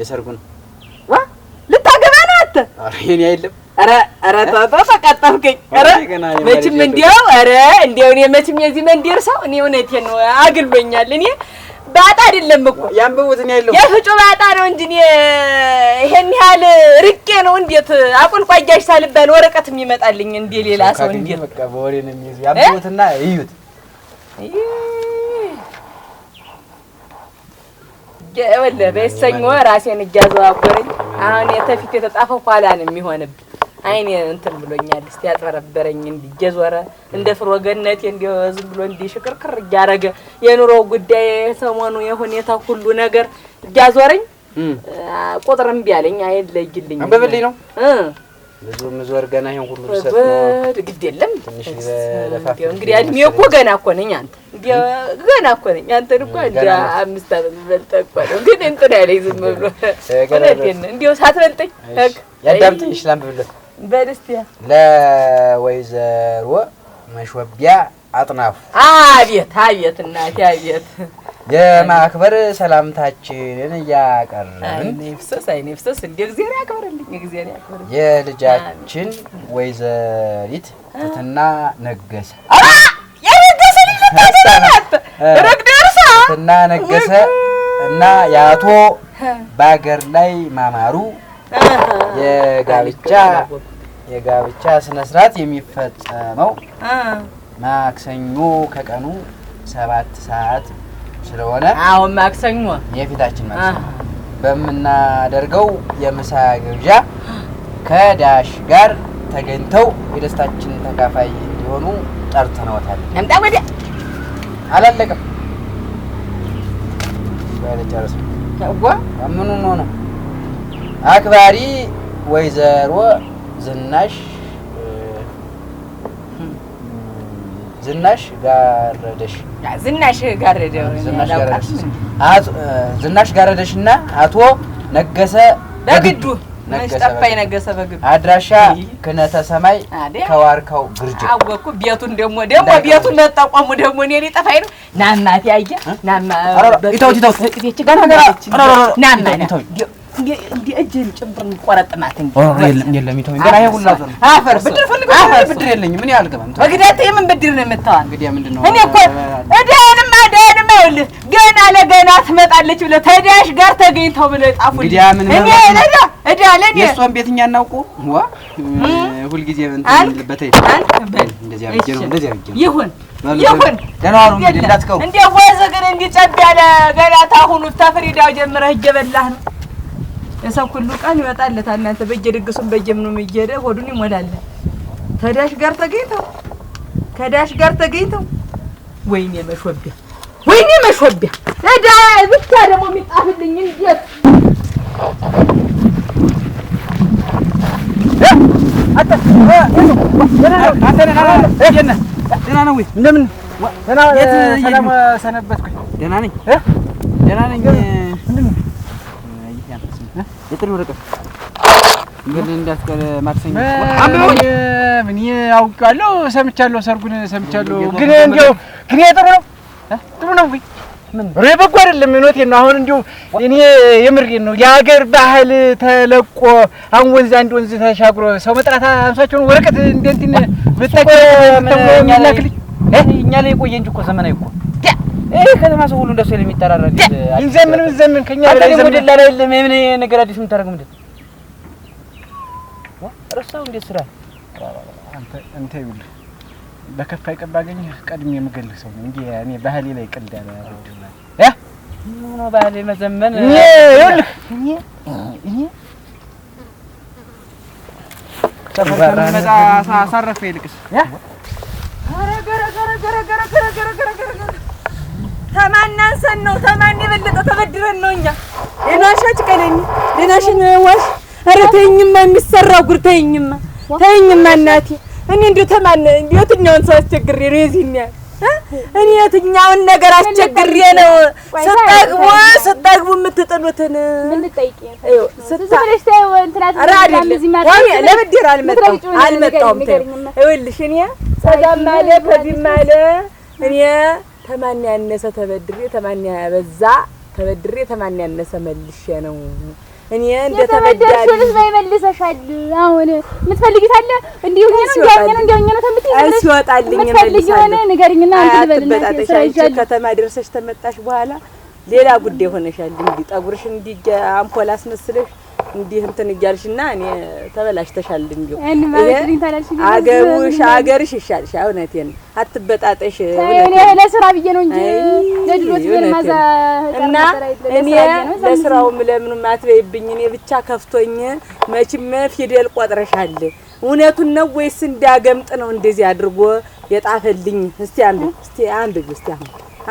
የሰርጉን ዋ ልታገባ ነው አንተ? ኧረ የእኔ አይደለም። ኧረ ኧረ ተው ተው ተቃጠልከኝ። ኧረ መቼም እንዲያው ኧረ እንዲያው እኔ መቼም የዚህ መንደር ሰው እኔ እውነቴን ነው አግሎኛል። እኔ ባጣ አይደለም እኮ ነው ያለው የፍጩ ባጣ ነው እንጂ እኔ ይሄን ያህል ርቄ ነው። እንዴት አቆልቋያሽ ሳልባል ወረቀት የሚመጣልኝ እንዴ? ሌላ ሰው እንዴ? በቃ በወሬ ነው የሚይዙ ያንብቡትና እዩት ወለ በሰኞ ራሴን እያዘዋወረኝ አሁን የተፊት የተጣፈው ኋላ ነው የሚሆንብኝ። አይኔ እንትን ብሎኛል። እስቲ ያጠረበረኝ እየዞረ እንደ ፍሮ ገነቴ እንደ ዝም ብሎ እንደ ሽቅርቅር እያረገ የኑሮ ጉዳይ ሰሞኑ የሁኔታ ሁሉ ነገር እያዞረኝ ቁጥር እምቢ አለኝ። አይለይልኝ አንበበልኝ ነው ብዙ ምዙ ገና ይሄን ሁሉ ሰጥ ግድ የለም። እንግዲህ እድሜ እኮ ገና እኮ ነኝ። አንተ ገና እኮ ነኝ። አንተን እኮ እንደ አምስት ዓመት በልጠ እኮ ነው። ግን እንትን ያለኝ ዝም ብሎ እንዲሁ ሳትበልጠኝ ያዳምጥኝ ይችላል ብሎ በደስቲያ ለወይዘሮ መሾቢያ አጥናፉ አቤት አቤት እናቴ አቤት የማክበር ሰላምታችንን እያቀረብን እንደ እግዚአብሔር ያክብርልኝ እግዚአብሔር ያክብርልኝ የልጃችን ወይዘሪት ትትና ነገሰ ትትና ነገሰ እና የአቶ በሀገር ላይ ማማሩ የጋብቻ የጋብቻ ስነ ስርዓት የሚፈጸመው ማክሰኞ ከቀኑ ሰባት ሰዓት ስለሆነ አሁን ማክሰኞ የፊታችን ማክሰኞ በምናደርገው የምሳ ግብዣ ከዳሽ ጋር ተገኝተው የደስታችን ተካፋይ እንዲሆኑ ጠርተነዎታል። ነምጣ ወዲያ አላለቀም ጨረሰ። ምኑን ነው አክባሪ ወይዘሮ ዝናሽ ዝናሽ ጋረደሽ ዝናሽ ጋረደው ዝናሽ ጋረደሽ እና አቶ ነገሰ በግዱ ጠፋኝ። ነገሰ በግዱ አድራሻ ክነተ ሰማይ ከዋርካው ግርጅ አወኩ። ቤቱን ደግሞ ደግሞ ቤቱን መጠቆሙ ደግሞ እኔ ሊጠፋኝ ነው። ናናት ያየ ናማ እንደ እጅህን ጭምር እንቆረጥማት የምን ብድር ነው የምታዋል? ይኸውልህ ገና ለገና ትመጣለች ብለህ ተዳሽ ጋር ተገኝተው ብለህ ጣፉልኝ። የእሷን ቤት እኛ እናውቁ ሁልጊዜ ገና ታሁኑ ተፍሪዳው ጀምረህ እየበላህ ነው የሰው ሁሉ ቀን ይወጣለታል። እናንተ በየድግሱም በየምኑም እየሄደ ሆዱን ይሞላለን። ከዳሽ ጋር ተገኝተው ከዳሽ ጋር ተገኝተው ወይኔ መሾቢያ ወይኔ መሾቢያ እዳ ብቻ ደግሞ የሚጣፍልኝ እንዴት ደህና ነው ወይ? እንደምን ሰነበትኩኝ። ደህና ነኝ፣ ደህና ነኝ የጥሪ ወረቀት እንግዲህ እንዳትቀር ማክሰኞ ምን አውቃለሁ። ሰምቻለሁ፣ ሰርጉን ሰምቻለሁ። ግን እንዲያው ግን ጥሩ ነው ጥሩ ነው ወይ ምን በጎ አይደለም። እውነቴን ነው። አሁን እንዲሁ እኔ የምሬን ነው። የሀገር ባህል ተለቆ አሁን ወንዝ አንድ ወንዝ ተሻግሮ ሰው መጥራት አምሳቸውን ወረቀት እንደንትን ምጠቀ ተብሎ የሚላክልኝ እኛ ላይ የቆየ እንጂ እኮ ዘመናዊ እኮ ይሄ ከተማ ሰው ሁሉ እንደሱ የሚጠራረግ ይዘምን ይዘምን ከኛ በላይ ይዘምን ወደ ላይ የለም። ምን ነገር አዲስ የምታደርገው ምንድን ነው? ረሳው እንዴት ስራ አንተ አንተ ይኸውልህ፣ በከፋይ ቀብ ባገኘህ ቀድሜ የምገልህ ሰው እንጂ እኔ ባህሌ ላይ ቀልድ አለ ያ ምን ባህሌ መዘመን እኔ ሳረፈ ይልቅስ ያ ተማን አንሰን ነው ተማን የበለጠ ተበድረን ነው እኛ። ደህና ሻጭ ቀለኝ ደህና ሽን ዋሽ። ኧረ ተይኝማ፣ የሚሰራ ጉድ ተይኝማ፣ ተይኝማ እናቴ። እኔ እንደው ተማን የትኛውን ሰው አስቸግሬ ነው የዚህን ያህል እኔ የትኛውን ነገር አስቸግሬ ነው ስጠግቡ ስጠግቡ የምትጥሉትን? ለብድር አልመጣሁም። ይኸውልሽ እኔ ፀዳም አለ በቢም አለ እኔ ተማን ያነሰ ተበድሬ ተማን ያበዛ ተበድሬ ተማን ያነሰ መልሼ ነው እኔ እንደ ተበዳሪ ልጅ ይመልሰሻል። አሁን የምትፈልጊት አለ እንዲሁ ነው እንዲያኛን እንዲያኛን ነው ተምት ይመልሰሽ ወጣልኝ መልሰሽ ሆነ ንገሪኝና አንተ ልበልና ከተማ ደርሰሽ ተመጣሽ በኋላ ሌላ ጉዳይ ሆነሻል። እንዲህ ጠጉርሽ እንዲህ አምፖል አስመስለሽ እንዲህ እንትን እያልሽ እና እኔ ተበላሽተሻል። እንዲሁ አገቡሽ አገርሽ ይሻልሽ። እውነቴን አትበጣጠሽ። ለስራ ብዬ ነው እንጂ እና እኔ ለስራውም ለምኑም አትበይብኝ። እኔ ብቻ ከፍቶኝ መቼም ፊደል ቆጥረሻል። እውነቱን ነው ወይስ እንዳገምጥ ነው እንደዚህ አድርጎ የጣፈልኝ? እስቲ እስቲ እስቲ አሁን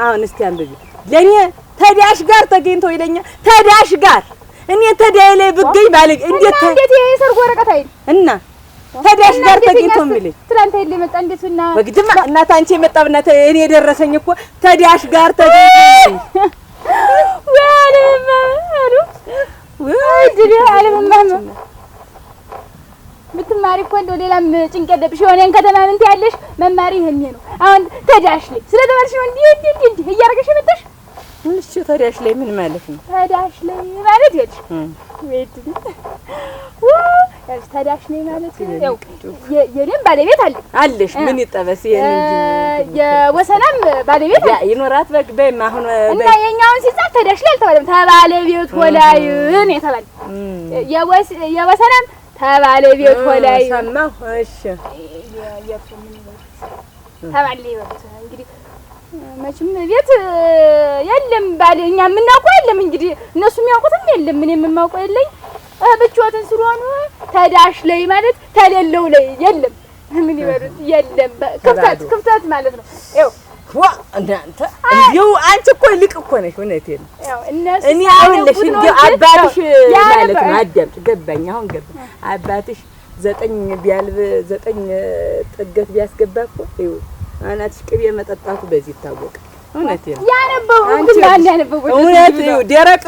አሁን እስቲ ለእኔ ተዳሽ ጋር ተገኝቶ ይለኛል ተዳሽ ጋር እኔ ተዳይ ላይ ብገኝ ባለ እንዴት እንዴት ይሄ ሰርግ ወረቀት አይደል? እና ተዳሽ ጋር ተገኝቶ የሚለኝ ትላንት አይደል የመጣ እንዴት እና በግድማ እናት አንቺ የመጣ ብናት እኔ የደረሰኝ እኮ ተዳሽ ጋር ተገኝቶ ወለም አሉ ወድሪ አለም ማማ እኮ እንደው ሌላም ጭንቅ የለብሽ። የሆነን ከተማ ምን ትያለሽ? መማሪ ይሄን ነው። አሁን ተዳሽ ላይ ስለተባልሽ ነው እንዴ እንዴ እንዴ እያደረገሽ የመጣሽ እሺ ታዲያሽ ላይ ምን ማለት ነው? ታዲያሽ ላይ ማለት ይሄ ወይት ያልሽ ታዲያሽ ላይ ማለት ያው የኔም ባለቤት አለ አለሽ። ምን ይጠበስ ይሄን እንጂ የወሰናም ባለቤት ይኖራት በግ በይማ አሁን እና የኛውን ሲጻፍ ታዲያሽ ላይ አልተባለም። ተባለቤት ወላይ እኔ ተባለ የወስ የወሰናም ተባለቤት ወላይ ሰማሁ። እሺ ተባለ ይበቃ እንግዲህ መቼም ቤት የለም ባል እኛ የምናውቀው የለም። እንግዲህ እነሱ የሚያውቁትም የለም እኔ የምናውቀው የለኝ። ብቻዋትን ስለሆኑ ተዳሽ ላይ ማለት ተሌለው ላይ የለም ምን ይበሉት የለም። ክፍተት ክፍተት ማለት ነው። ይኸው ዋ እናንተ እንዲሁ አንቺ እኮ ልቅ እኮ ነሽ። እውነቴን ነው። እኔ አሁንልሽ እንዲሁ አባትሽ ማለት ነው። አዳምጪ፣ ገባኝ። አሁን ገባኝ። አባትሽ ዘጠኝ ቢያልብ ዘጠኝ ጥገት ቢያስገባ እኮ ይኸው አናትሽ ቅቤ መጠጣቱ በዚህ ይታወቃል። እውነት ደረቅ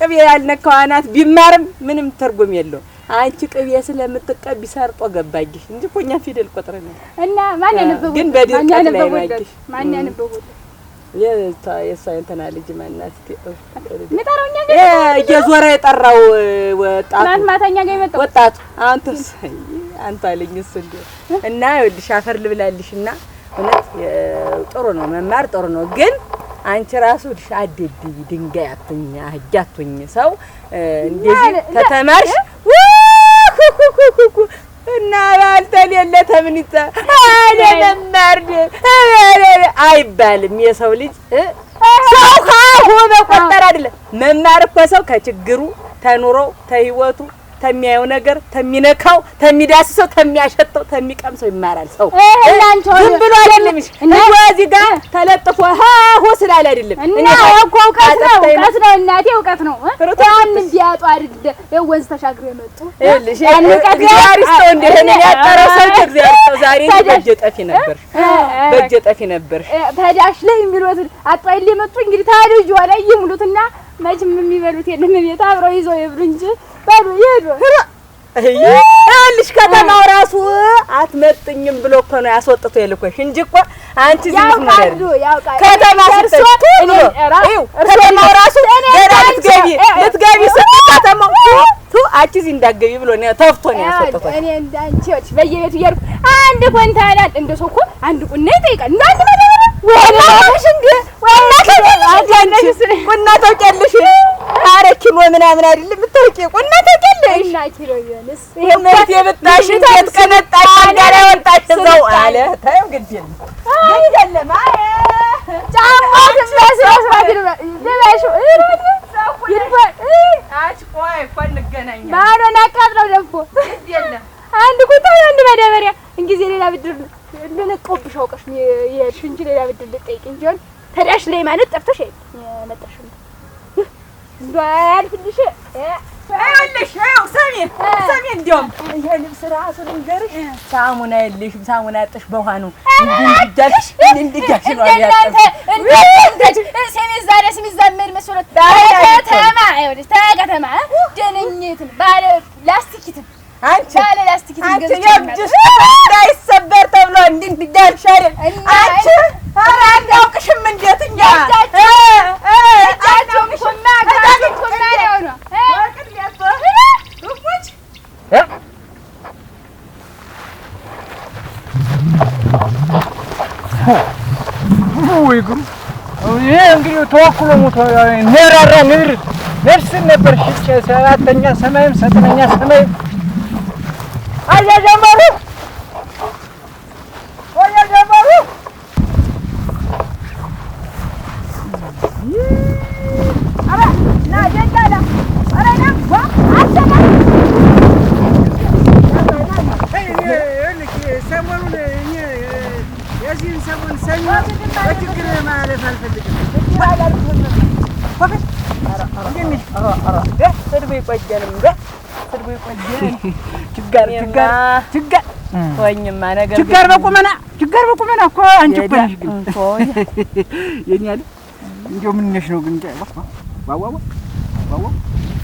ቅቤ ያልነካው አናት ቢማርም ምንም ትርጉም የለውም። አንቺ ቅቤ ስለምትቀቢ ሰርጦ ገባጊሽ እንጂ እኮ እኛ ፊደል ቆጥረናል። እና ማን ያነበቡ ግን በድርቀት ላይ ናጊሽ ማን ያነበቡ የእሷ እንትና ልጅ ማናት እየዞረ የጠራው ወጣቱ ወጣቱ አንተ አንተ አለኝ እሱ እንዲያው እና ይኸውልሽ አፈር ልብላልሽ እና እውነት ጥሩ ነው መማር ጥሩ ነው። ግን አንቺ ራሱ አደብ ድንጋይ አትሁኝ፣ አህያ አትሁኝ። ሰው እንደዚህ ተተማርሽ እና ባልተሌለ ተምንይታ አለ መማር አይባልም። የሰው ልጅ ሰው ካሁ በቆጠር አይደለም መማር እኮ ሰው ከችግሩ ተኑሮ ተህይወቱ ተሚያየው ነገር ተሚነካው፣ ተሚዳስሰው፣ ተሚያሸተው፣ ተሚቀምሰው ይማራል ሰው። ዝም ብሎ አይደለም። እንዴ? እዚህ ጋር ተለጥፎ ሆ ስላለ አይደለም። እና እኮ እውቀት ነው፣ እውቀት ነው እናቴ፣ እውቀት ነው። ያንን ቢያጡ አይደለ ወንዝ ተሻግሮ የመጡ ይኸውልሽ፣ እግዚአብሔር እንዴ? እንደሆነ ያጠረው ሰው እግዚአብሔር ይስጠው። ዛሬ በእጀ ጠፊ ነበር፣ በእጀ ጠፊ ነበር። ተዳሽ ላይ የሚሉት አጣይ የመጡ እንግዲህ ታዲያ ልጅ ሆነ ይሙሉትና መቼም የሚበሉት የለም ቤት አብረው ይዘው ይብሉ እንጂ በሉ ይሄዱ። ይኸውልሽ ከተማው ራሱ አትመጥኝም ብሎ እኮ ነው ያስወጥቶ የልኮሽ እንጂ እኮ አንቺ ዝም ብለሽ ከተማ ስትመጪ ከተማው ራሱ ገና ልትገቢ ልትገቢ ስትይ ከተማው አንቺ እዚህ እንዳትገቢ ብሎ ነው ተፍቶ ነው ያስወጣው። እኔ እንዳንቺ ወጭ በየቤቱ እያልኩ አንድ ኮንታላ እንደ ሰው እኮ አንድ ቁና ይጠይቃል። እንዳንቺ ነገር ወላሽ እንደ ወላሽ አንቺ አንቺ ቁና ታውቂያለሽ? ኧረ ኪሎ ምናምን አይደለም የምታውቂው ቁና ታውቂያለሽ? እና ኪሎ ይሆንስ ይሄ መት የብታሽ tet ቀነጣሽ አንዳራ ወጣሽ ዘው አለ ታዩ ግድ ይል አይደለም አይ ጫማ ስለስራስ ባድር በለሽ ይሮድ ይድፋል። ቆይ አንድ ቁጣ አንድ ማዳበሪያ እንጊዜ ሌላ ብድር ልለቀውብሽ አውቀሽ የሄድሽ እንጂ ሌላ ብድር ልጠይቅ እንጂ ሆን ተዳሽ ላይ ማለት ጠፍቶሽ የመጣሽ ያልፍልሽ ይኸውልሽ ይኸው ስሚ ስሚ፣ እንዲያውም ይሄ ልብስ እራሱ ልንገርሽ፣ ሳሙና የለሽም። ሳሙና ያጠሽ በውሃ ነው እንድንዳሽ እንድንዳሽ ነው ያጠሽ። እንዳይሰበር ተብሎ እንድንዳሽ አይደል አንቺ ኧረ እንዴት እኛ He? Uygun. እንግዲህ ተወክሎ ሞቷል። ነራራ ምድር ነፍስ ነበር ሽቼ ሰባተኛ ሰማይም ዘጠነኛ ሰማይም አለ ጀመሩ አይቆየንም እንደ ስድቡ ይቆየን። ችጋር ችጋር ችጋር ወኝማ ነገር ችጋር በቁመና ችጋር በቁመና እኮ አንቺ እኮ ነሽ። ግን የኔ አለ እንደው ምን ነሽ ነው ግን ዋዋ ዋዋ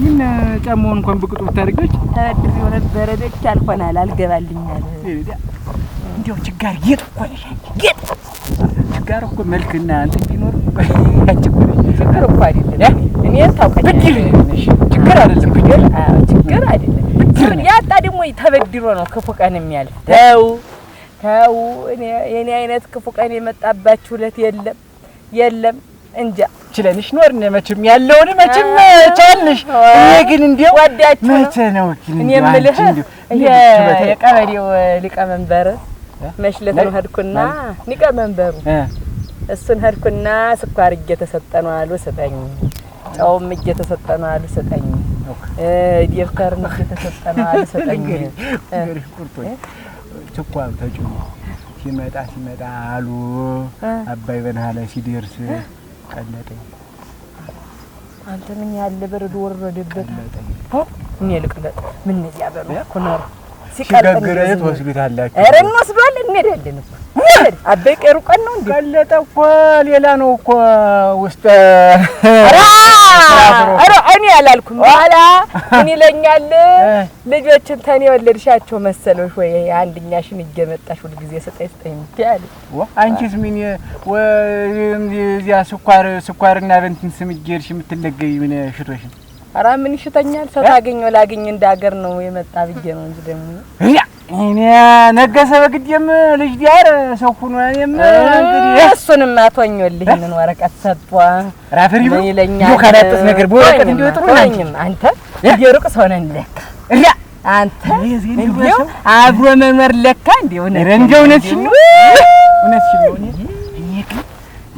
ምን ጫማውን እንኳን ብቅጡ ብታደርጊዎች ተረድፍ የሆነ በረዶች አልሆናል አልገባልኛል። እንደው ችጋር ጌጥ እኮ ነሽ ጌጥ ችጋር እኮ መልክና እንትን ቢኖር ችግር እኮ አይደለም። እኔ ታውቀኛለሽ፣ ችግር አይደለም፣ ችግር አይደለም። ያጣ ደግሞ ተበድሮ ነው ክፉ ቀን የሚያልፍ። ተው ተው፣ የእኔ አይነት ክፉ ቀን የመጣባችሁ ዕለት የለም የለም። እንጃ ችለንሽ ኖርን። መቼም ያለውን መቼም ቻልንሽ። እኔ ግን እንዲያው መቼ ነው እኔ የምልህ የቀበሌው ሊቀመንበር መሽለት ነው ሄድኩና ሊቀመንበሩ እሱን ሄድኩና ስኳር እየተሰጠ ነው አሉ ስጠኝ፣ ጨውም እየተሰጠ ነው አሉ ስጠኝ፣ ዴፍተርም እየተሰጠ ነው አሉ ስጠኝ። ስኳር ተጭኖ ሲመጣ ሲመጣ አሉ አባይ በናለ ሲደርስ ቀነጠኝ። አንተ ምን ያለ በረዶ ወረደበት። እኔ ልቅለጥ ምን እዚያ በሉ ኩነሩ ሲቀጥ ሲጋግረኝ ወስዱታላችሁ። ኧረ እንወስዷል እንሄዳለን እኮ ወረድ አበይ ቀሩ ቀን ነው እንዴ? ቀለጠ እኮ ሌላ ነው እኮ ውስጥ ኧረ እኔ አላልኩም። በኋላ ምን ይለኛል? ልጆችን ተኔ ወለድሻቸው መሰለሽ ወይ አንድኛሽን እየመጣሽ ሁል ጊዜ ስጠኝ ስጠኝ ትያለሽ። አንቺስ ምን እዚያ ስኳር ስኳርና በእንትን ስም እየሄድሽ የምትለገይ ምን ሽቶሽን? ኧረ ምን ይሽተኛል? ሰው ታገኘው ላገኝ እንዳገር ነው የመጣ ብዬ ነው እንጂ ደግሞ እኔ ነገሰ በግዴም ልጅ ዲያር ሰው ሁኖ እኔም እንግዲህ እሱንም አቶኞልህ ምን ወረቀት ሰጧ ራፍሪ ብሎ ይለኛል ካላጥስ ነገር በወረቀት እንዲሁ ጥሩ አንተ እንዲህ ሰው ነን ለካ እያ አንተ እንዲሁ አብሮ መኖር ለካ እንዲሁ ነው እንዲሁ ነው እውነትሽን ነው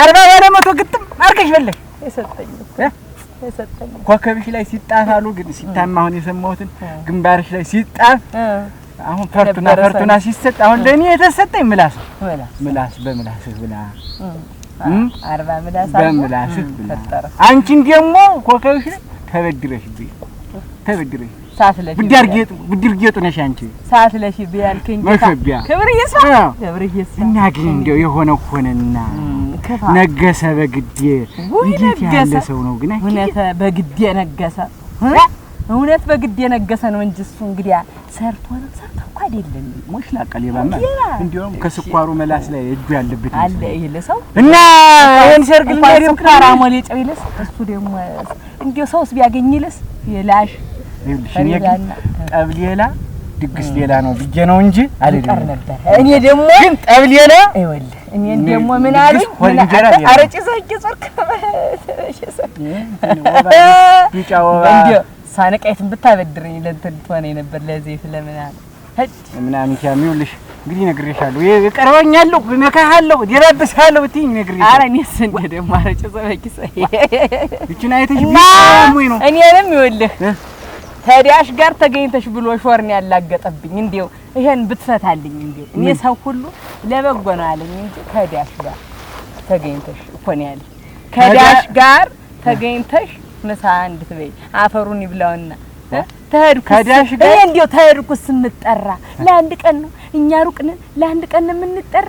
አርባ ያለ መቶ ግጥም አርከሽ በለሽ የሰጠኝ ኮከብሽ ላይ ሲጣፍ አሉ ግን ሲታማ አሁን የሰማሁትን ግንባርሽ ላይ ሲጣፍ አሁን ፈርቱና ፈርቱና ሲሰጥ አሁን ለእኔ የተሰጠኝ ምላስ ምላስ በምላስህ ብላ አርባ ምላስ በምላስህ ብላ አንቺን ደግሞ ኮከብሽ ላይ ተበድረሽ ብዬሽ ተበድረሽ ብድር ጌጡ ነሽ አንቺ ሰዓት ቢያልከኝ መሸቢያ ክብርዬስ ክብርዬስ እና ግን እንደው የሆነ ሆነና ነገሰ በግዴ እንዴት ያለ ሰው ነው ግን እውነት በግዴ ነገሰ እውነት በግዴ ነገሰ ነው እንጂ እሱ እንግዲህ ሰርቶ ነው ሰርቶ እኮ አይደለም ሞሽላ ቀሌባማ እንዲያውም ከስኳሩ መላስ ላይ እጁ ያለበት አለ ይሄ ለሰው እና ይሄን ሰርግ ላይ ስኳር አሞሌ ጨው ይለስ እሱ ደግሞ እንዲያው ሰውስ ቢያገኝ ይለስ የላሽ ጠብ ሌላ ድግስ ሌላ ነው ብዬ ነው እንጂ አይቀር ነበር። እኔ ደግሞ ግን ጠብ ሌላ ይኸውልህ፣ እኔን ደግሞ ምን አሉኝ? ኧረ ጭሰህ ዞርክ ቢጫ ወባ እንዲያው ሳነቃየትን ብታበድረኝ ለእንትን ትሆነኝ ነበር ለዘይት ለምናምን ምናምን ኪያም ይኸውልሽ እንግዲህ እነግርሻለሁ፣ እቀርበኛለሁ፣ እነካሃለሁ፣ እደረብስሃለሁ ብትይ እነግርሻለሁ። ኧረ እኔስ እንደ ደግሞ ነው እኔንም ይኸውልህ ከዳሽ ጋር ተገኝተሽ ብሎ ሾርን ያላገጠብኝ እንዴው ይሄን ብትፈታልኝ እንዴው እኔ ሰው ሁሉ ለበጎ ነው አለኝ እንጂ ከዳሽ ጋር ተገኝተሽ እኮ ነው ያለኝ። ከዳሽ ጋር ተገኝተሽ ምሳ እንድትበይ አፈሩን ይብላውና ተሄድኩስ ይሄ እንዴው ተሄድኩስ እንጠራ ለአንድ ቀን ነው እኛ ሩቅንን ለአንድ ቀን የምንጠራ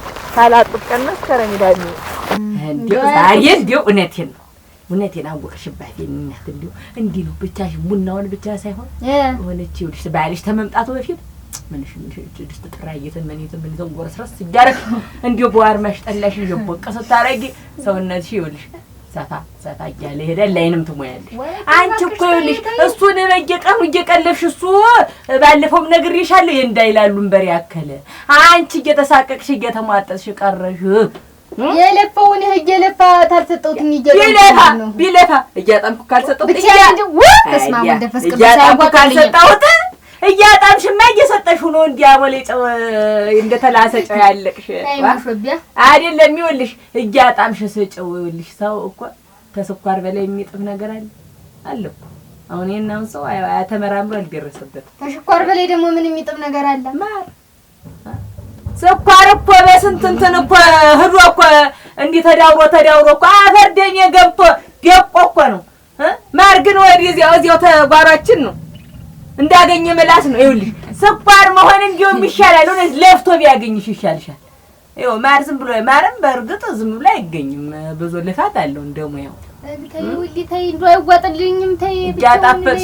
ካላጡት ቀን መስከረም ይላሉ። ዛሬ እንዲያው እውነቴን ነው እውነቴን አወቅሽባት የእናት እንዲያው እንዲህ ነው ብቻሽ ቡናውን ብቻ ሳይሆን ሆነች ይኸውልሽ ባያለሽ ተመምጣቱ በፊት ምንሽ ምንሽ ድስት ጥራየትን መኔትን ምንትን ጎረስረስ ሲዳረግ እንዲያው በዋር ጠላሽ እየቦቀ ስታረጊ ሰውነትሽ ይኸውልሽ ሰፋ ሰፋ እያለ ይሄዳል። ላይንም ትሞያለሽ። አንቺ እኮ ይኸውልሽ እሱን በየቀኑ እየቀለብሽ እሱ ባለፈውም ነግሬሻለሁ እንዳይላሉ እንበሬ ያከለ አንቺ እየተሳቀቅሽ እየተሟጠጥሽ ቀረሽ። የለፋውን እየለፋ ካልሰጠሁትም ይለፋ ቢለፋ እያጠምኩ ካልሰጠሁት እያጠምኩ ካልሰጠሁት እያጣምሽማ እየሰጠሽው ነው። እንዲያ ቦሌ ጨው እንደተላሰ ጨው ያለቅሽ አይደለም። ይኸውልሽ እያጣምሽ ስጨው ይኸውልሽ፣ ሰው እኮ ከስኳር በላይ የሚጥፍ ነገር አለ አለ እኮ አሁን የናም ሰው ተመራምሮ አልደረሰበትም። ከስኳር በላይ ደግሞ ምን የሚጥፍ ነገር አለ? ማር ስኳር እኮ በስንት እንትን እኮ ህዶ እኮ እንዲህ ተዳውሮ ተዳውሮ እኮ አፈር ደሜ ገብቶ ደቆ እኮ ነው። ማር ግን ወዲህ እዚያው እዚያው ተጓሯችን ነው እንዳገኘ መላስ ነው። ይኸውልሽ ስኳር መሆን እንዲሁም ይሻላል። እውነት ለፍቶ ቢያገኝሽ ይሻልሻል። ይኸው ማር ዝም ብሎ ማርም በእርግጥ ዝም ብሎ አይገኝም። ብዙ ልፋት አለው። እንደውም ያው ተይ ያልኩሽ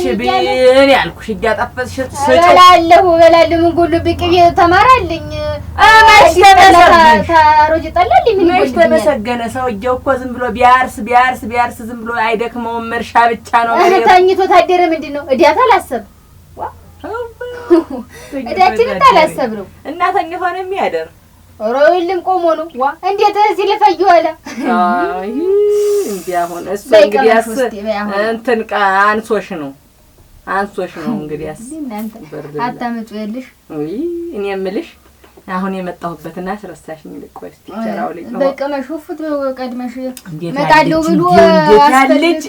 ተመሰገነ ሰውዬው እኮ ዝም ብሎ ቢያርስ ቢያርስ ቢያርስ ዝም ብሎ አይደክመውም። እርሻ ብቻ ነው ተኝቶ ታደረ ምንድን ነው እዲያት አላሰብም እዳችን እንዳላሰብነው እና ተኝቶ ነው የሚያደር ሮይልም ቆሞ ነው ዋ እንዴት እዚህ ልፈይ ዋለ። አይ እንዴ አሁን እሱ እንግዲያስ እንትን ቃ አንሶሽ ነው አንሶሽ ነው እንግዲያስ አታመጡ የልሽ ወይ እኔ የምልሽ አሁን የመጣሁበትና አስረሳሽኝ። ልቆ እስቲ ቸራው ልጅ ነው በቀመሽ ወፍት ቀድመሽ መጣለው ብሎ አስፈልጭ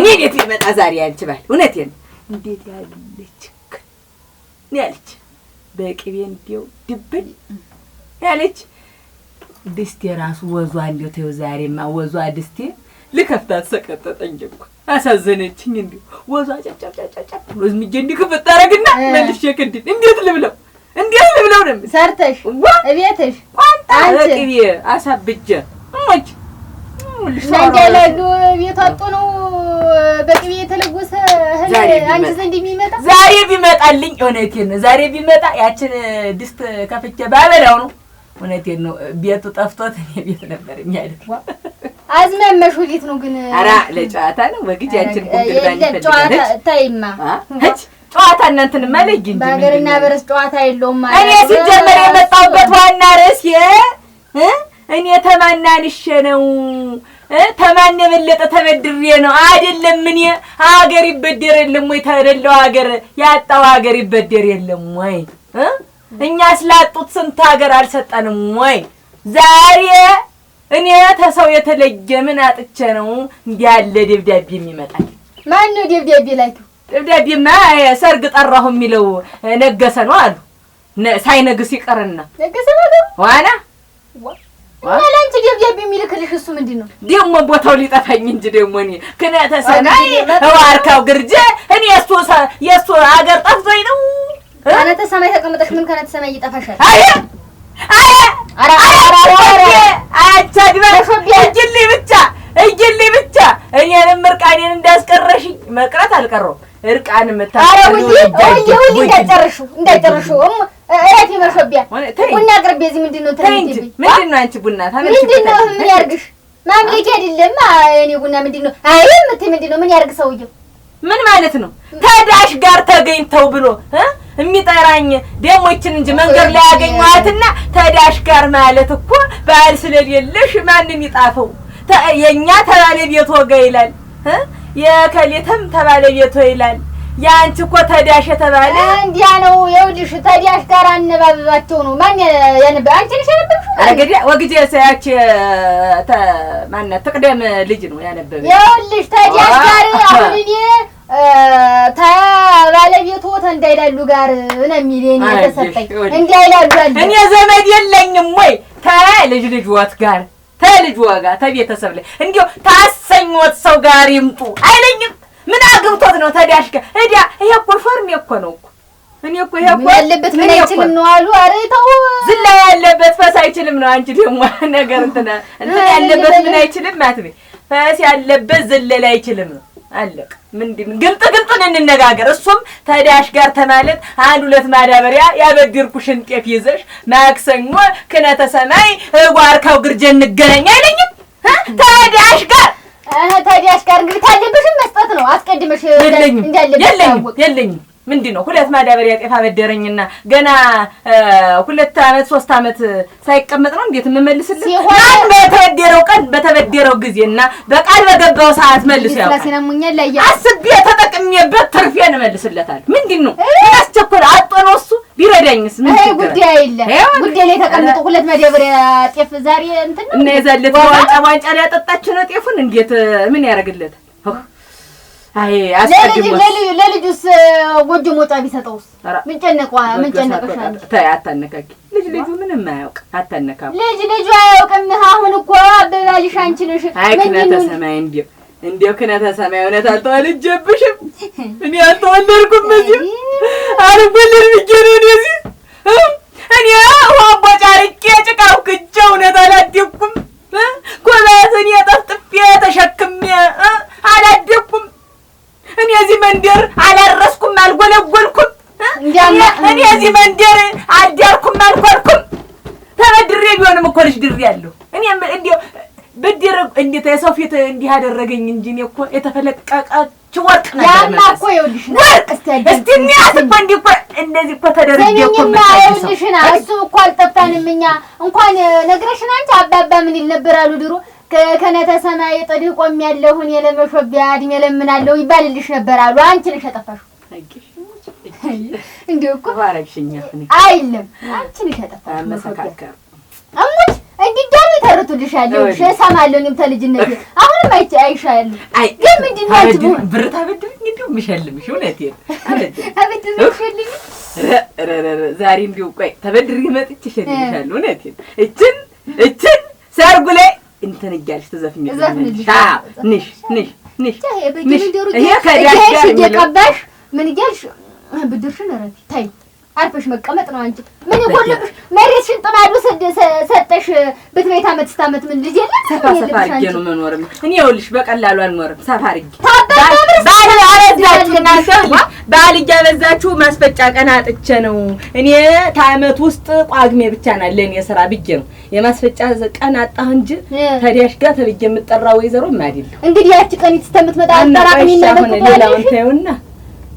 እኔ እንዴት ይመጣ ዛሬ አንቺ ባል እውነቴን እንዴት ያለች ነው ያለች። በቅቤ እንዲው ድብል ያለች ድስቴ ራሱ ወዟ እንዲው ተይው፣ ዛሬማ ወዟ ድስቴ ልከፍታት ሰቀጠጠኝ እኮ አሳዘነችኝ። እንዲሁ ወዟ ጨጨጨጨጨ ብሎ እዝምጄ እንዲህ ክፍት አደረግና መልሼ ክንድን እንዴት ልብለው እንዴት ልብለው ነው ሰርተሽ እቤትሽ ቋንጣ በቅቤ አሳብጀ እሞች እንዳይላሉ ቤቷ አጡ ነው በቅቤ የተለወሰ እህል አንቺ ዘንድ የሚመጣ ዛሬ ቢመጣልኝ እውነቴን ነው። ዛሬ ቢመጣ ያችን ድስት ከፍቼ ባበላው ነው። እውነቴን ነው። ቤቱ ጠፍቶት ቤት ነበር የሚያደርግ አዝማመሽ ወዴት ነው ግን? ኧረ ለጨዋታ ነው በግድ ያችን ተይማ ጨዋታ እናንትን ማለኝ እንጂ በሀገርና በረስ ጨዋታ የለውም። እኔ ሲጀመር የመጣሁበት ዋና ርዕስ እኔ ተማን አንሼ ነው? ተማን የበለጠ ተበድሬ ነው? አይደለም። እኔ አገር ይበደር የለም ወይ? ተደለው ሀገር ያጣው አገር ይበደር የለም ወይ? እኛ ስላጡት ስንት ሀገር አልሰጠንም ወይ? ዛሬ እኔ ተሰው የተለየ ምን አጥቼ ነው እንዲህ ያለ ደብዳቤ የሚመጣል? ማን ነው ደብዳቤ ላይ ደብዳቤማ ሰርግ ጠራሁ የሚለው ነገሰ ነው አሉ። ሳይነግስ ይቀርና ነገሰ ነው ዋና ለአንቺ ደብዳቤ የሚልክልሽ እሱ ምንድን ነው ደግሞ? ቦታው ሊጠፋኝ እንጂ ደግሞ እኔ ከነተሰናይ እባርካው ግርጄ እኔ የእሱ የእሱ አገር ጠፍቶኝ ነው። ከነተሰማይ ተቀምጠሽ ምን ከነተሰማይ እየጠፋሻል? አይ አይ እጅልኝ ብቻ እጅልኝ ብቻ እኔንም እርቃኔን እንዳስቀረሽኝ መቅረት አልቀረሁም። እርቃን የምታውቂው እንዳጨረሽው እንዳጨረሽው እህቴ መርሶብያል። ቡና አቅርቤ እዚህ ምንድን ነው ምንድን ነው አንቺ ቡና ምንድን ነው ምን ያርግሽ? ማምለኪያ አይደለም እኔ ቡና ምንድን ነው አይ የምትይ ምንድን ነው? ምን ያርግ ሰውዬው? ምን ማለት ነው? ከዳሽ ጋር ተገኝተው ብሎ የሚጠራኝ ደሞችን እንጂ መንገድ ላይ ያገኘኋትና ተዳሽ ጋር ማለት እኮ ባህል ስለሌለሽ ማንን ይጣፈው የእኛ ተባለቤቷ ጋ ይላል የከሌተም ቤቶ ይላል ያንቺ እኮ ተዲያሽ የተባለ እንዲያ ነው። የውልሽ ተዲያሽ ጋር አነባበባቸው ነው። ማን ያነባ? አንቺ ነሽ ያነበብሽ? አግዲ ወግጄ ሳያች ማናት ትቅደም ልጅ ነው ያነበበ። የውልሽ ተዲያሽ ጋር አሁን እኔ ተባለቤቱ እንዳይላሉ ጋር ነው የሚለኝ ተሰጠኝ። እንዳይላሉ አለ እኔ ዘመድ የለኝም ወይ ተልጅ ልጅ ወት ጋር ተልጅ ወጋ ተቤተሰብ ላይ እንዲያው ወት ሰው ጋር ይምጡ አይለኝም ምን አግብቶት ነው ተዳሽ ጋር እዳ ይሄ እኮ ሾርሜ እኮ ነው እኮ እኔ እኮ ይሄ እኮ ያለበት ምን አይችልም ነው አሉ። ኧረ ተው ዝላ ያለበት ፈስ አይችልም ነው። አንቺ ደግሞ ነገር እንትና እንትን ያለበት ምን አይችልም አትበይ። ፈስ ያለበት ዝለል አይችልም ነው አለቅ። ምንድን ግልጥ ግልጡን እንነጋገር። እሱም ተዳሽ ጋር ተማለት አንድ ሁለት ማዳበሪያ ያበድርኩሽን ጤፍ ይዘሽ ማክሰኞ ክነተ ሰማይ ጓርከው ግርጀ እንገናኝ አይለኝም ተዳሽ ጋር ታዲያ አሽጋር እንግዲህ ታለብሽም መስጠት ነው። አስቀድመሽ እንዳለብሽ የለኝም የለኝም ምንድን ነው ሁለት ማዳበሪያ ጤፍ አበደረኝና ገና ሁለት ዓመት ሶስት አመት ሳይቀመጥ ነው እንዴት የምመልስልህ? ማን በተበደረው ቀን በተበደረው ጊዜና በቃል በገባው ሰዓት መልሶ ያውቃል። አስቤ ተጠቅሜበት ትርፌን እመልስለታል። ምንድን ነው ያስቸኮለ አጦ ነው እሱ። ቢረዳኝስ ምን ጉዳይ የለ ጉዳይ ላይ ተቀምጦ ሁለት ማዳበሪያ ጤፍ ዛሬ እንትን እና የዛለት ዋንጫ ዋንጫ ሊያጠጣች ነው ጤፉን። እንዴት ምን ያደርግለታል? ለልጁስ ጎጆ ሞጫ ቢሰጠውስ ምን ጨነቀው? ምን ጨነቀሽ? ተይ አታነካኪ። ልጅ ልጁ ምንም አያውቅ ልጅ ልጁ አያውቅም። አሁን እኮ አበባልሽ አንቺ ነሽ። አይ ክነተ ሰማይ እንዲያው እንዲያው ክነተ ሰማይ እውነት አልተወለጀብሽም። እኔ አልተወለድኩም። እዚህ እኔ እዚህ እኔ እንዲህ አደረገኝ እንጂ እኔ እኮ የተፈለቀቀች ወርቅ ነበር እኮ ይኸውልሽ፣ ወርቅ እስቲ የሚያት እኮ እንዲህ እኮ እንደዚህ እኮ ተደርጌ እኮ ይኸውልሽና፣ እሱ እኮ አልጠፋንም እኛ እንኳን ነግረሽን አንቺ አባባ ምን ይል ነበር አሉ ድሮ ከነተ ሰማይ ጥድህ ቆሜያለሁን የለመሾቢያ እድሜ ለምናለሁ ይባልልሽ ነበር አሉ። አንቺ ልሽ ያጠፋሽው። እንዲሁ እኮ አይልም። አንቺ ልሽ ነሽ መሰካከር እፈርቱልሻለሁ። እሺ እሰማለሁ። እኔም ተልጅነቴ አሁንም አይቼ አይሻለሁ። ግን ምንድን ነው አንቺ ብር ታበድብኝ እንደው የምሸልምሽ እውነቴን አበድብኝ። ዛሬ እንደው ቆይ ተበድሬ መጥቼ እሸልምሻለሁ። እውነቴን እችን እችን ሰርጉ ላይ እንትን እያልሽ ትዘፍኝልሽ። ንሽ ንሽ ንሽ ይሄ ከዳሽ እየቀባሽ ምን እያልሽ ብድርሽን ኧረ ተይ አርፈሽ መቀመጥ ነው። አንቺ ምን ይጎልብሽ? መሬትሽን ጥማዱ ሰጠሽ። በትሜት አመት ስታመት ምን ልጅ የለም። ሰፋ ሰፋ አድርጌ ነው መኖርም። እኔ ይኸውልሽ በቀላሉ አልኖርም። ሰፋ አድርጌ ባል ባል እያበዛችሁ ማስፈጫ ቀን አጥቼ ነው እኔ ታመት ውስጥ ቋግሜ ብቻ ናት ለእኔ ስራ ብዬ ነው የማስፈጫ ቀን አጣሁ እንጂ ታዲያሽ ጋር ተብዬ የምጠራ ወይዘሮ ማዲል እንግዲህ ያቺ ቀን ስተምትመጣ አጠራቅሚና ሌላውን ተይውና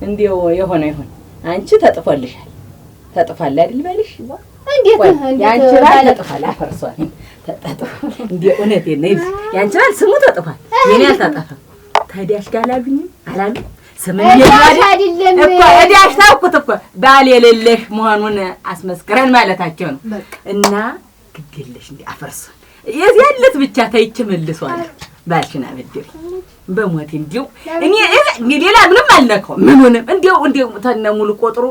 እንዲሁ የሆነ ይሁን። አንቺ ተጥፎልሻል ተጥፋል አይደል በልሽ እንዴት ያንቺ ባል ተጥፋል አፈርሷል እንደ እውነቴን ነው ያንቺ ባል ስሙ ተጥፋል የኔ አላሉኝም አላሉም እኮ ባል የሌለሽ መሆኑን አስመስክረን ማለታቸው ነው እና ግድ የለሽ እንደ አፈርሷል የዚህ ያለት ብቻ ታይች መልሷል። ባልሽን አበድሬ በሞት እንዲሁ እኔ ሌላ ምንም አልነካውም ምኑንም እንዲሁ እንዲሁ ተነ ሙሉ ቆጥሮ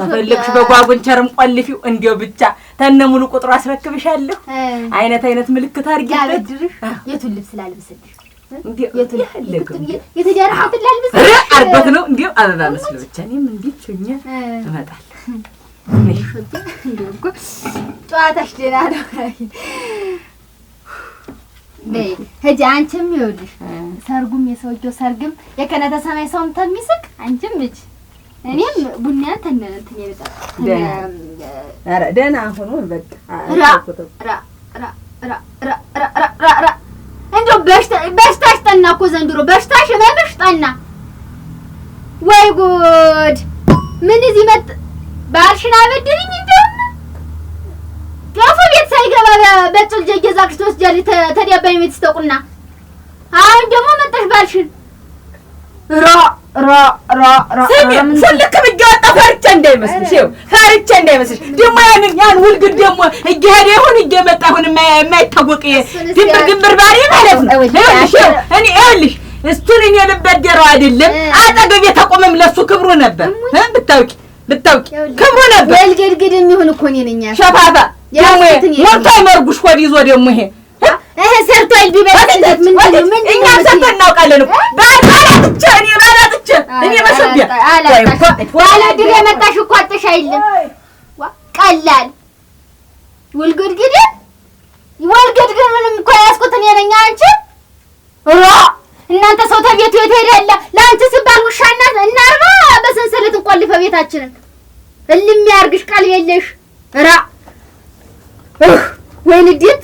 ከፈለግሽ በጓጉንቸርም ቆልፊው እንዲው ብቻ ተነ ሙሉ ቁጥሩ አስረክብሻለሁ። አይነት አይነት ምልክት አድርጊበት። የቱን ልብስ ላልብስልሽ? ላልብስ አርበት ነው። እንዲሁ አበባ መስሎ ብቻ እኔም እንዲች ሆኜ እመጣለሁ። ጨዋታሽ ደህና ነው። ሂጂ አንቺም ይኸውልሽ፣ ሰርጉም የሰውጆ ሰርግም የከነተ ሰማይ ሰውም ተሚስቅ አንቺም ሂጂ እኔም ቡኒያን ተነ ይበጣ ደህና ሆኖ በቃ ራ በሽታሽ ጠና እኮ ዘንድሮ በሽታሽ በምሽ ጠና። ወይ ጉድ! ምን እዚህ መጥ ባልሽን አበድሪኝ እንደውም ገፉ ቤት ሳይገባ በጭልጀ ጌዛ ክስቶስ ተዲያባይ ቤት ስተቁና አሁን ደግሞ መጣሽ ባልሽን ስልክ ብዬ ወጣሁ። ፈርቼ እንዳይመስልሽ ይኸው ፈርቼ እንዳይመስልሽ። ደግሞ ያንን ያን ውልግድ ደግሞ እየሄደ ይሁን እየመጣ ይሁን የማይታወቅ ድንብር ግንብር ባሬ ማለት ነው። እኔ ይኸውልሽ እሱን እኔ ልበደረው አይደለም። አጠገቤ ተቆመም ለእሱ ክብሩ ነበር። ብታውቂ ብታውቂ ክብሩ ነበር። ልግድግድ የሚሆን እኮ እኔ ነኝ። ሸፋፋ ደግሞ ሞልቶ መርጉሽ ሆድ ደግሞ ይሄ ይሄ ሰርቶ ቢበልጥ እኛ ሰርተን እናውቃለን ባላጥቼ እኔ ባላጥቼ እኔ መሰቢያ የመጣሽ እኮ አጥሽ አይልም ቀላል ምንም እኮ እኔ ነኝ። አንቺ እናንተ ሰው ተቤቱ የት ሄዳለ? ለአንቺ ውሻና በሰንሰለት እንቆልፈ ቤታችንን እልም ያርግሽ ቃል የለሽ ራ ወይ ንዴት